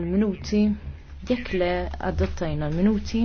l-minuti, jekk le adottajna l-minuti.